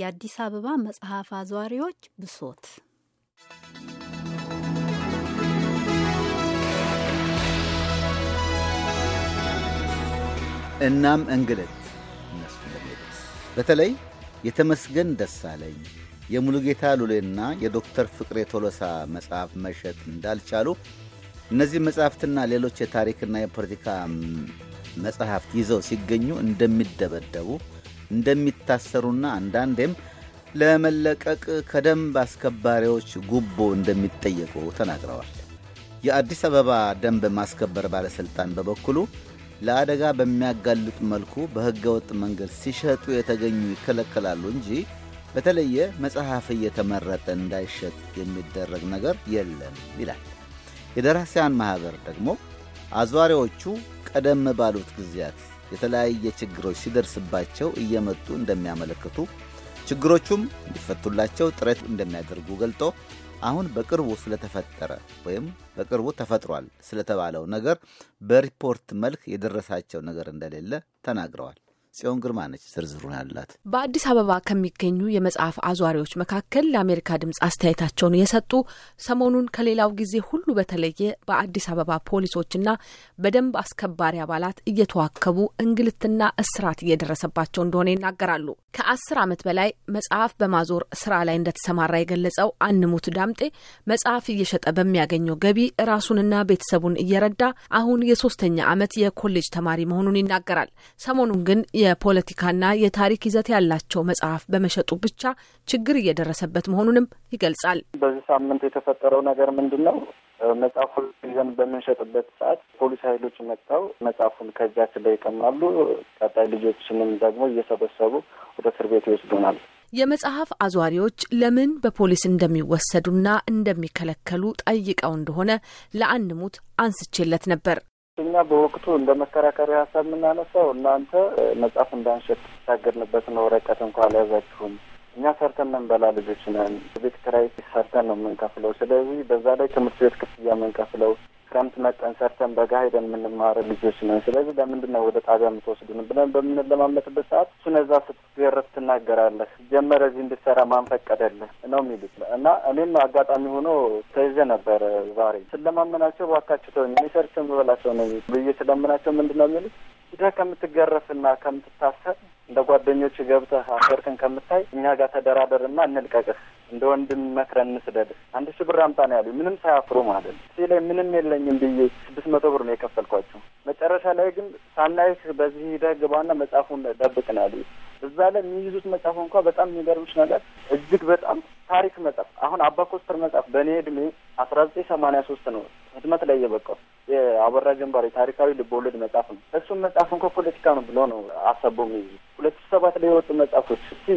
የአዲስ አበባ መጽሐፍ አዟሪዎች ብሶት እናም እንግልት እነሱ በተለይ የተመስገን ደሳለኝ የሙሉጌታ ሉሌና የዶክተር ፍቅሬ ቶሎሳ መጽሐፍ መሸጥ እንዳልቻሉ እነዚህ መጽሐፍትና ሌሎች የታሪክና የፖለቲካ መጽሐፍት ይዘው ሲገኙ እንደሚደበደቡ እንደሚታሰሩና አንዳንዴም ለመለቀቅ ከደንብ አስከባሪዎች ጉቦ እንደሚጠየቁ ተናግረዋል። የአዲስ አበባ ደንብ ማስከበር ባለሥልጣን በበኩሉ ለአደጋ በሚያጋልጥ መልኩ ወጥ መንገድ ሲሸጡ የተገኙ ይከለከላሉ እንጂ በተለየ መጽሐፍ እየተመረጠ እንዳይሸጥ የሚደረግ ነገር የለም ይላል። የደራሲያን ማኅበር ደግሞ አዟሪዎቹ ቀደም ባሉት ጊዜያት የተለያየ ችግሮች ሲደርስባቸው እየመጡ እንደሚያመለክቱ ችግሮቹም እንዲፈቱላቸው ጥረት እንደሚያደርጉ ገልጦ አሁን በቅርቡ ስለተፈጠረ ወይም በቅርቡ ተፈጥሯል ስለተባለው ነገር በሪፖርት መልክ የደረሳቸው ነገር እንደሌለ ተናግረዋል። ጽዮን ግርማ ነች ዝርዝሩን ያላት። በአዲስ አበባ ከሚገኙ የመጽሐፍ አዟሪዎች መካከል ለአሜሪካ ድምፅ አስተያየታቸውን የሰጡ ሰሞኑን ከሌላው ጊዜ ሁሉ በተለየ በአዲስ አበባ ፖሊሶችና በደንብ አስከባሪ አባላት እየተዋከቡ እንግልትና እስራት እየደረሰባቸው እንደሆነ ይናገራሉ። ከአስር ዓመት በላይ መጽሐፍ በማዞር ስራ ላይ እንደተሰማራ የገለጸው አንሙት ዳምጤ መጽሐፍ እየሸጠ በሚያገኘው ገቢ ራሱንና ቤተሰቡን እየረዳ አሁን የሶስተኛ ዓመት የኮሌጅ ተማሪ መሆኑን ይናገራል። ሰሞኑን ግን የፖለቲካና የታሪክ ይዘት ያላቸው መጽሐፍ በመሸጡ ብቻ ችግር እየደረሰበት መሆኑንም ይገልጻል። በዚህ ሳምንት የተፈጠረው ነገር ምንድን ነው? መጽሐፉን ይዘን በምንሸጥበት ሰዓት ፖሊስ ኃይሎች መጥተው መጽሐፉን ከእጃችን ላይ ይቀማሉ። ቀጣይ ልጆችንም ደግሞ እየሰበሰቡ ወደ እስር ቤት ይወስዱናል። የመጽሐፍ አዟሪዎች ለምን በፖሊስ እንደሚወሰዱና እንደሚከለከሉ ጠይቀው እንደሆነ ለአንድ ሙት አንስቼለት ነበር። እኛ በወቅቱ እንደ መከራከሪያ ሀሳብ የምናነሳው እናንተ መጽሐፍ እንዳንሸጥ ነው። ወረቀት እንኳ አልያዛችሁም። እኛ ሰርተን መንበላ ልጆች ነን። ቤት ክራይ ሰርተን ነው የምንከፍለው። ስለዚህ በዛ ላይ ትምህርት ቤት ክፍያ የምንከፍለው ክረምት መጠን ሰርተን በጋ ሄደን የምንማረ ልጆች ነን። ስለዚህ ለምንድን ነው ወደ ጣቢያ የምትወስዱን ብለን በምንለማመጥበት ሰዓት እሱን እዛ ስትገረፍ ትናገራለህ። ጀመረ እዚህ እንድትሰራ ማን ፈቀደልህ ነው የሚሉት እና እኔም አጋጣሚ ሆኖ ተይዘ ነበር። ዛሬ ስለማመናቸው ባካችሁ ተወኝ፣ እኔ ሰርቼ የምበላቸው ነው ብዬ ስለምናቸው ምንድን ነው የሚሉት ሂደህ ከምትገረፍና ከምትታሰር እንደ ጓደኞች ገብተህ አፈርክን ከምታይ እኛ ጋር ተደራደርና እንልቀቅህ፣ እንደ ወንድም መክረን እንስደድ አንድ ሺ ብር አምጣ ነው ያሉ ምንም ሳያፍሩ ማለት ነው። እዚህ ላይ ምንም የለኝም ብዬ ስድስት መቶ ብር ነው የከፈልኳቸው። መጨረሻ ላይ ግን ሳናይህ በዚህ ሂደህ ግባና መጽሐፉን ደብቅ ነው ያሉ። እዛ ላይ የሚይዙት መጽሐፉ እንኳ በጣም የሚገርምሽ ነገር እጅግ በጣም ታሪክ መጽሐፍ አሁን አባ ኮስተር መጽሐፍ በእኔ እድሜ አስራ ዘጠኝ ሰማንያ ሶስት ነው ህትመት ላይ የበቃው አበራ ጀንባሬ ታሪካዊ ልቦወለድ መጽሐፍ ነው። እሱን መጽሐፍ እንኳ ፖለቲካ ነው ብሎ ነው አሰቡም። ሁለት ሺ ሰባት ላይ የወጡ መጽሐፎች እ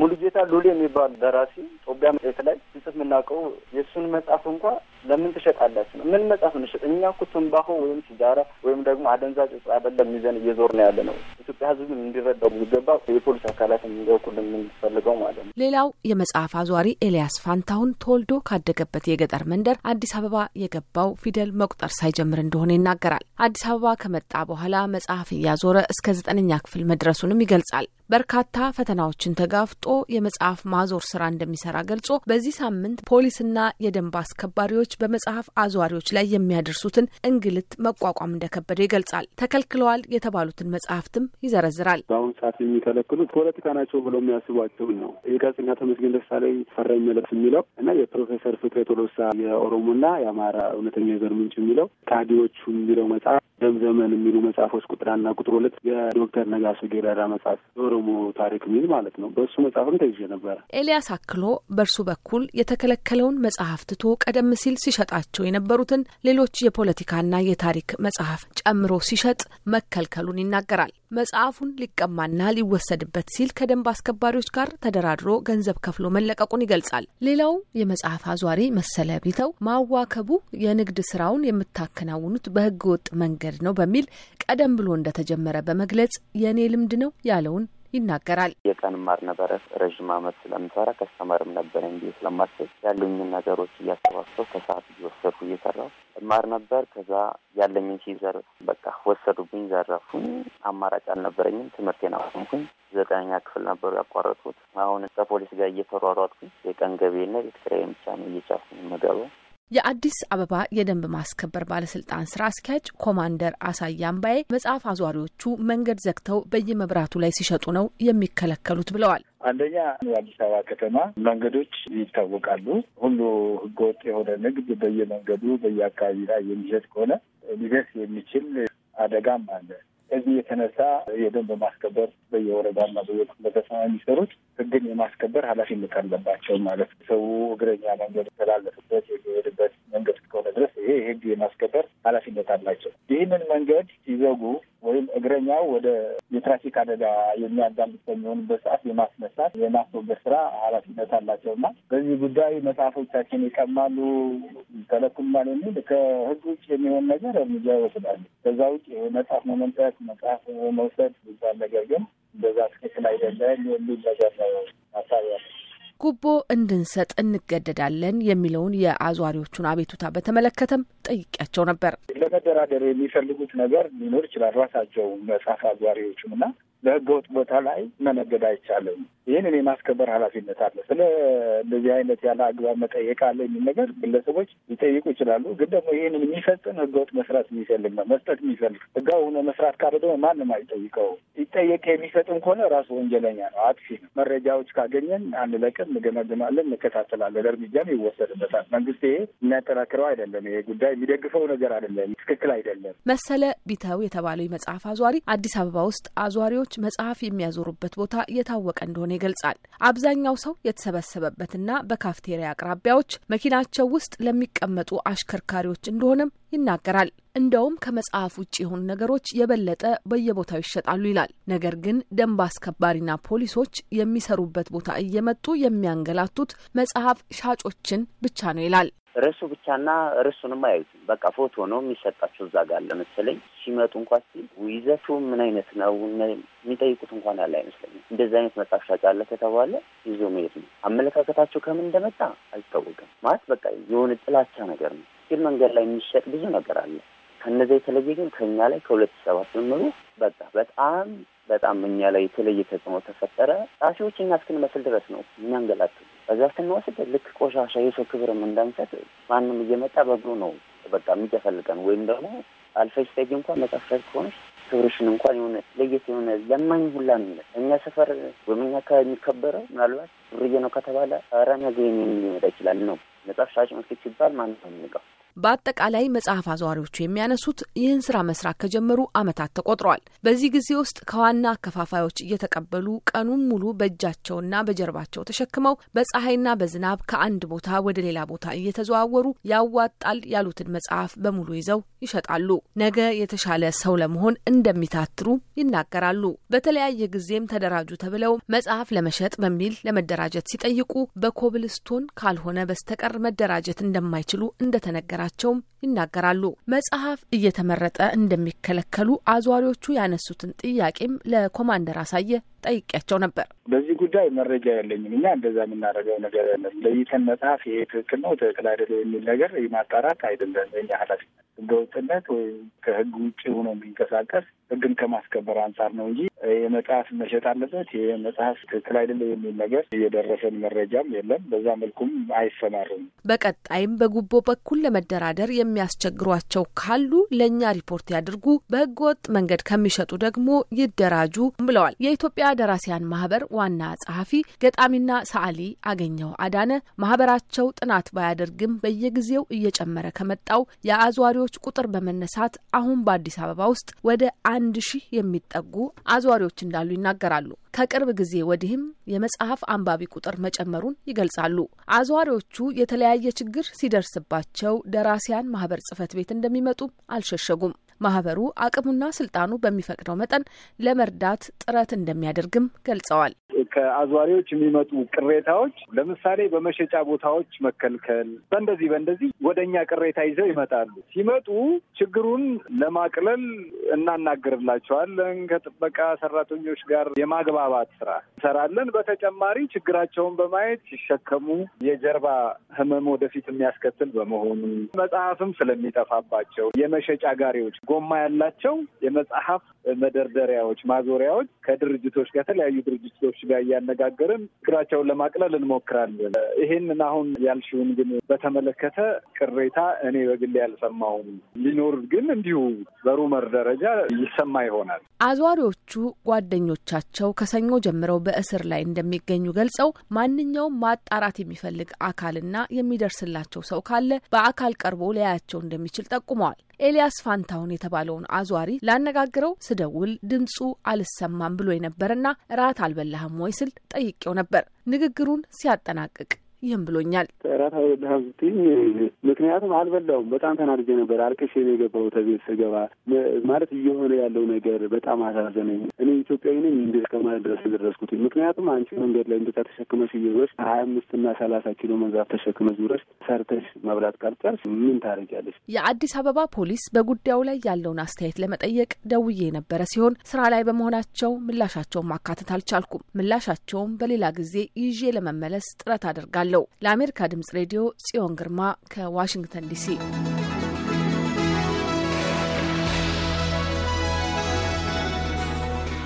ሙሉጌታ ሉሌ የሚባል ደራሲ ጦቢያ መጽሔት ላይ በቅርበት የምናውቀው የእሱን መጽሐፍ እንኳ ለምን ትሸጣላችሁ ነው? ምን መጽሐፍ እንሸጥ? እኛ እኮ ትንባሆ ወይም ሲጃራ ወይም ደግሞ አደንዛዥ እጽ አይደለም ይዘን እየዞር ነው ያለ ነው። ኢትዮጵያ ሕዝብ እንዲረዳው የሚገባ የፖሊስ አካላት እንዲያውቁልን የምንፈልገው ማለት ነው። ሌላው የመጽሐፍ አዟሪ ኤልያስ ፋንታሁን ተወልዶ ካደገበት የገጠር መንደር አዲስ አበባ የገባው ፊደል መቁጠር ሳይጀምር እንደሆነ ይናገራል። አዲስ አበባ ከመጣ በኋላ መጽሐፍ እያዞረ እስከ ዘጠነኛ ክፍል መድረሱንም ይገልጻል። በርካታ ፈተናዎችን ተጋፍጦ የመጽሐፍ ማዞር ስራ እንደሚሰራ ገልጾ በዚህ ሳምንት ፖሊስና የደንብ አስከባሪዎች በመጽሐፍ አዟሪዎች ላይ የሚያደርሱትን እንግልት መቋቋም እንደከበደ ይገልጻል። ተከልክለዋል የተባሉትን መጽሐፍትም ይዘረዝራል። በአሁኑ ሰዓት የሚከለክሉት ፖለቲካ ናቸው ብሎ የሚያስቧቸውን ነው። የጋዜጠኛ ተመስገን ደሳለኝ ፈራኝ መለስ የሚለው እና የፕሮፌሰር ፍቅሬ ቶሎሳ የኦሮሞና የአማራ እውነተኛ የዘር ምንጭ የሚለው ካዲዎቹ የሚለው መጽሐፍ ደም ዘመን የሚሉ መጽሐፎች ቁጥር አንድና ቁጥር ሁለት የዶክተር ነጋሶ ጌዳዳ መጽሐፍ ዞሮ የኦሮሞ ታሪክ ሚል ማለት ነው። በእሱ መጽሐፍም ተይዤ ነበረ። ኤልያስ አክሎ በእርሱ በኩል የተከለከለውን መጽሐፍ ትቶ ቀደም ሲል ሲሸጣቸው የነበሩትን ሌሎች የፖለቲካና የታሪክ መጽሐፍ ጨምሮ ሲሸጥ መከልከሉን ይናገራል። መጽሐፉን ሊቀማና ሊወሰድበት ሲል ከደንብ አስከባሪዎች ጋር ተደራድሮ ገንዘብ ከፍሎ መለቀቁን ይገልጻል። ሌላው የመጽሐፍ አዟሪ መሰለ ቢተው ማዋከቡ የንግድ ስራውን የምታከናውኑት በህገወጥ ወጥ መንገድ ነው በሚል ቀደም ብሎ እንደተጀመረ በመግለጽ የእኔ ልምድ ነው ያለውን ይናገራል። የቀን ማር ነበረ ረዥም አመት ስለምሰራ ከስተመርም ነበረ እንዲ ስለማስብ ያሉኝን ነገሮች እያሰባሰብ ከሰዓት እየወሰድኩ እየሰራው እማር ነበር። ከዛ ያለኝን ሲዘር በቃ ወሰዱብኝ፣ ዘረፉኝ። አማራጭ አልነበረኝም። ትምህርቴን አቆምኩኝ። ዘጠነኛ ክፍል ነበሩ ያቋረጥኩት። አሁን ከፖሊስ ጋር እየተሯሯጥኩኝ የቀን ገቢና ቤት ኪራይ ብቻ ነው እየቻልኩኝ የምገባው። የአዲስ አበባ የደንብ ማስከበር ባለስልጣን ስራ አስኪያጅ ኮማንደር አሳያምባዬ መጽሐፍ አዟሪዎቹ መንገድ ዘግተው በየመብራቱ ላይ ሲሸጡ ነው የሚከለከሉት ብለዋል። አንደኛ የአዲስ አበባ ከተማ መንገዶች ይታወቃሉ። ሁሉ ህገወጥ የሆነ ንግድ በየመንገዱ በየአካባቢ ላይ የሚሸጥ ከሆነ ሊደርስ የሚችል አደጋም አለ። ከዚህ የተነሳ የደንብ ማስከበር በየወረዳና በየክፍለ ከተማ የሚሰሩት ህግን የማስከበር ኃላፊነት አለባቸው ማለት ነው። ሰው እግረኛ መንገድ ተላለፍበት የሚሄድበት መንገድ እስከሆነ ድረስ ይሄ ህግ የማስከበር ኃላፊነት አላቸው። ይህንን መንገድ ሲዘጉ ወይም እግረኛው ወደ የትራፊክ አደጋ የሚያጋልጥ በሚሆንበት ሰዓት የማስነሳት የማስወገድ ስራ ኃላፊነት አላቸው እና በዚህ ጉዳይ መጽሐፎቻችን ይቀማሉ፣ ተለኩማል የሚል ከህግ ውጭ የሚሆን ነገር እርምጃ ይወስዳል። ከዛ ውጭ መጽሐፍ መመንጠት፣ መጽሐፍ መውሰድ ይባል ነገር ግን በዛ ትክክል አይደለም የሚል ነገር ነው ያለ ጉቦ እንድንሰጥ እንገደዳለን የሚለውን የአዟሪዎቹን አቤቱታ በተመለከተም ጠይቂያቸው ነበር። መደራደር የሚፈልጉት ነገር ሊኖር ይችላል ራሳቸው መጽሐፍ አዟሪዎቹም እና በህገወጥ ቦታ ላይ መነገድ አይቻልም። ይህንን የማስከበር ኃላፊነት አለ። ስለ እንደዚህ አይነት ያለ አግባብ መጠየቅ አለ የሚል ነገር ግለሰቦች ሊጠይቁ ይችላሉ። ግን ደግሞ ይህንን የሚፈጽም ህገወጥ መስራት የሚፈልግ ነው መስጠት የሚፈልግ ህጋዊ ሆኖ መስራት ካለ ደግሞ ማንም አይጠይቀው። ይጠየቅ የሚፈጽም ከሆነ ራሱ ወንጀለኛ ነው፣ አጥፊ ነው። መረጃዎች ካገኘን አንለቅም፣ እንገመግማለን፣ እንከታተላለን፣ እርምጃም ይወሰድበታል። መንግስት ይሄ የሚያጠናክረው አይደለም። ይሄ ጉዳይ የሚደግፈው ነገር አይደለም፣ ትክክል አይደለም። መሰለ ቢተው የተባለው የመጽሐፍ አዟሪ አዲስ አበባ ውስጥ አዟሪዎች ሰዎች መጽሐፍ የሚያዞሩበት ቦታ እየታወቀ እንደሆነ ይገልጻል። አብዛኛው ሰው የተሰበሰበበትና በካፍቴሪያ አቅራቢያዎች መኪናቸው ውስጥ ለሚቀመጡ አሽከርካሪዎች እንደሆነም ይናገራል። እንደውም ከመጽሐፍ ውጭ የሆኑ ነገሮች የበለጠ በየቦታው ይሸጣሉ ይላል። ነገር ግን ደንብ አስከባሪና ፖሊሶች የሚሰሩበት ቦታ እየመጡ የሚያንገላቱት መጽሐፍ ሻጮችን ብቻ ነው ይላል። ርዕሱ ብቻና ርዕሱንም አያዩትም። በቃ ፎቶ ነው የሚሰጣቸው እዛ ጋር ለመሰለኝ ሲመጡ እንኳ ሲል ይዘቱ ምን አይነት ነው የሚጠይቁት እንኳን ያለ አይመስለኝም። እንደዚህ አይነት መጽሐፍ ሻጭ ከተባለ ይዞ መሄድ ነው። አመለካከታቸው ከምን እንደመጣ አይታወቅም። ማለት በቃ የሆነ ጥላቻ ነገር ነው። ሲል መንገድ ላይ የሚሸጥ ብዙ ነገር አለ። ከነዚ የተለየ ግን ከኛ ላይ ከሁለት ሰባት ጀምሮ በቃ በጣም በጣም እኛ ላይ የተለየ ተጽዕኖ ተፈጠረ። ጣፊዎች እኛ እስክንመስል ድረስ ነው የሚያንገላቱ። በዛ ስንወስድ ልክ ቆሻሻ የሰው ክብርም እንዳንሰጥ ማንም እየመጣ በእግሩ ነው በቃ የሚጨፈልቀን ወይም ደግሞ አልፈሽ ጠጊ እንኳን መጽሐፍ ከሆነች ክብርሽን እንኳን የሆነ ለየት የሆነ ለማኝ ሁላ እኛ ሰፈር ወይም እኛ አካባቢ የሚከበረው ምናልባት ብርዬ ነው ከተባለ ኧረ ነገ የሚመጣ ይችላል ነው መጽሐፍ ሻጭ መስኪት ሲባል ማን ነው የሚቀው በአጠቃላይ መጽሐፍ አዘዋሪዎቹ የሚያነሱት ይህን ስራ መስራት ከጀመሩ ዓመታት ተቆጥረዋል። በዚህ ጊዜ ውስጥ ከዋና አከፋፋዮች እየተቀበሉ ቀኑን ሙሉ በእጃቸውና በጀርባቸው ተሸክመው በፀሐይና በዝናብ ከአንድ ቦታ ወደ ሌላ ቦታ እየተዘዋወሩ ያዋጣል ያሉትን መጽሐፍ በሙሉ ይዘው ይሸጣሉ። ነገ የተሻለ ሰው ለመሆን እንደሚታትሩ ይናገራሉ። በተለያየ ጊዜም ተደራጁ ተብለው መጽሐፍ ለመሸጥ በሚል ለመደራጀት ሲጠይቁ በኮብልስቶን ካልሆነ በስተቀር መደራጀት እንደማይችሉ እንደተነገራቸው መኖራቸውም ይናገራሉ። መጽሐፍ እየተመረጠ እንደሚከለከሉ አዟሪዎቹ ያነሱትን ጥያቄም ለኮማንደር አሳየ ጠይቄያቸው ነበር። በዚህ ጉዳይ መረጃ የለኝም። እኛ እንደዛ የምናደርገው ነገር ለይተን መጽሐፍ ይሄ ትክክል ነው ትክክል አይደለም የሚል ነገር የማጣራት አይደለም የኛ ኃላፊነት ህገወጥነት ወይም ከህግ ውጭ ሆኖ የሚንቀሳቀስ ህግን ከማስከበር አንጻር ነው እንጂ የመጽሐፍ መሸጥ አለበት የመጽሐፍ ትክክል አይደለም የሚል ነገር የደረሰን መረጃም የለም። በዛ መልኩም አይሰማርም። በቀጣይም በጉቦ በኩል ለመደራደር የሚያስቸግሯቸው ካሉ ለእኛ ሪፖርት ያድርጉ፣ በህገወጥ መንገድ ከሚሸጡ ደግሞ ይደራጁ ብለዋል። የኢትዮጵያ ደራሲያን ማህበር ዋና ጸሐፊ ገጣሚና ሰዓሊ አገኘው አዳነ ማህበራቸው ጥናት ባያደርግም በየጊዜው እየጨመረ ከመጣው የአዟሪ አዟሪዎች ቁጥር በመነሳት አሁን በአዲስ አበባ ውስጥ ወደ አንድ ሺህ የሚጠጉ አዟሪዎች እንዳሉ ይናገራሉ። ከቅርብ ጊዜ ወዲህም የመጽሐፍ አንባቢ ቁጥር መጨመሩን ይገልጻሉ። አዟሪዎቹ የተለያየ ችግር ሲደርስባቸው ደራሲያን ማህበር ጽህፈት ቤት እንደሚመጡ አልሸሸጉም። ማህበሩ አቅሙና ስልጣኑ በሚፈቅደው መጠን ለመርዳት ጥረት እንደሚያደርግም ገልጸዋል። ከአዟሪዎች የሚመጡ ቅሬታዎች ለምሳሌ በመሸጫ ቦታዎች መከልከል፣ በእንደዚህ በእንደዚህ ወደ እኛ ቅሬታ ይዘው ይመጣሉ። ሲመጡ ችግሩን ለማቅለል እናናግርላቸዋለን። ከጥበቃ ሰራተኞች ጋር የማግባባት ስራ እንሰራለን። በተጨማሪ ችግራቸውን በማየት ሲሸከሙ የጀርባ ህመም ወደፊት የሚያስከትል በመሆኑ መጽሐፍም ስለሚጠፋባቸው የመሸጫ ጋሪዎች ጎማ ያላቸው የመጽሐፍ መደርደሪያዎች፣ ማዞሪያዎች ከድርጅቶች ከተለያዩ ድርጅቶች ጋር ጉዳይ እያነጋገርን ችግራቸውን ለማቅለል እንሞክራለን። ይሄንን አሁን ያልሽውን ግን በተመለከተ ቅሬታ እኔ በግሌ ያልሰማውም ሊኖር ግን እንዲሁ በሩመር ደረጃ ይሰማ ይሆናል። አዟሪዎቹ ጓደኞቻቸው ከሰኞ ጀምረው በእስር ላይ እንደሚገኙ ገልጸው ማንኛውም ማጣራት የሚፈልግ አካልና የሚደርስላቸው ሰው ካለ በአካል ቀርቦ ሊያያቸው እንደሚችል ጠቁመዋል። ኤልያስ ፋንታውን የተባለውን አዟሪ ላነጋግረው ስደውል ድምፁ አልሰማም ብሎ የነበረና ራት አልበላህም ወይ ስል ጠይቄው ነበር። ንግግሩን ሲያጠናቅቅ ይህም ብሎኛል። እራት ሀብትኝ ምክንያቱም አልበላውም። በጣም ተናድጄ ነበር። አልቅሼ ነው የገባሁት ቤት ስገባ። ማለት እየሆነ ያለው ነገር በጣም አሳዘነኝ። እኔ ኢትዮጵያዊ ነኝ እንደ እስከማለት ድረስ የደረስኩት ምክንያቱም አንቺ መንገድ ላይ እንደዛ ተሸክመሽ እየዞርሽ ሀያ አምስት እና ሰላሳ ኪሎ መዛፍ ተሸክመሽ ዞረሽ ሰርተሽ መብላት ካልቻልሽ ምን ታደርጊያለሽ? የአዲስ አበባ ፖሊስ በጉዳዩ ላይ ያለውን አስተያየት ለመጠየቅ ደውዬ የነበረ ሲሆን ስራ ላይ በመሆናቸው ምላሻቸውን ማካተት አልቻልኩም። ምላሻቸውም በሌላ ጊዜ ይዤ ለመመለስ ጥረት አደርጋለሁ። ለአሜሪካ ድምጽ ሬዲዮ ጽዮን ግርማ ከዋሽንግተን ዲሲ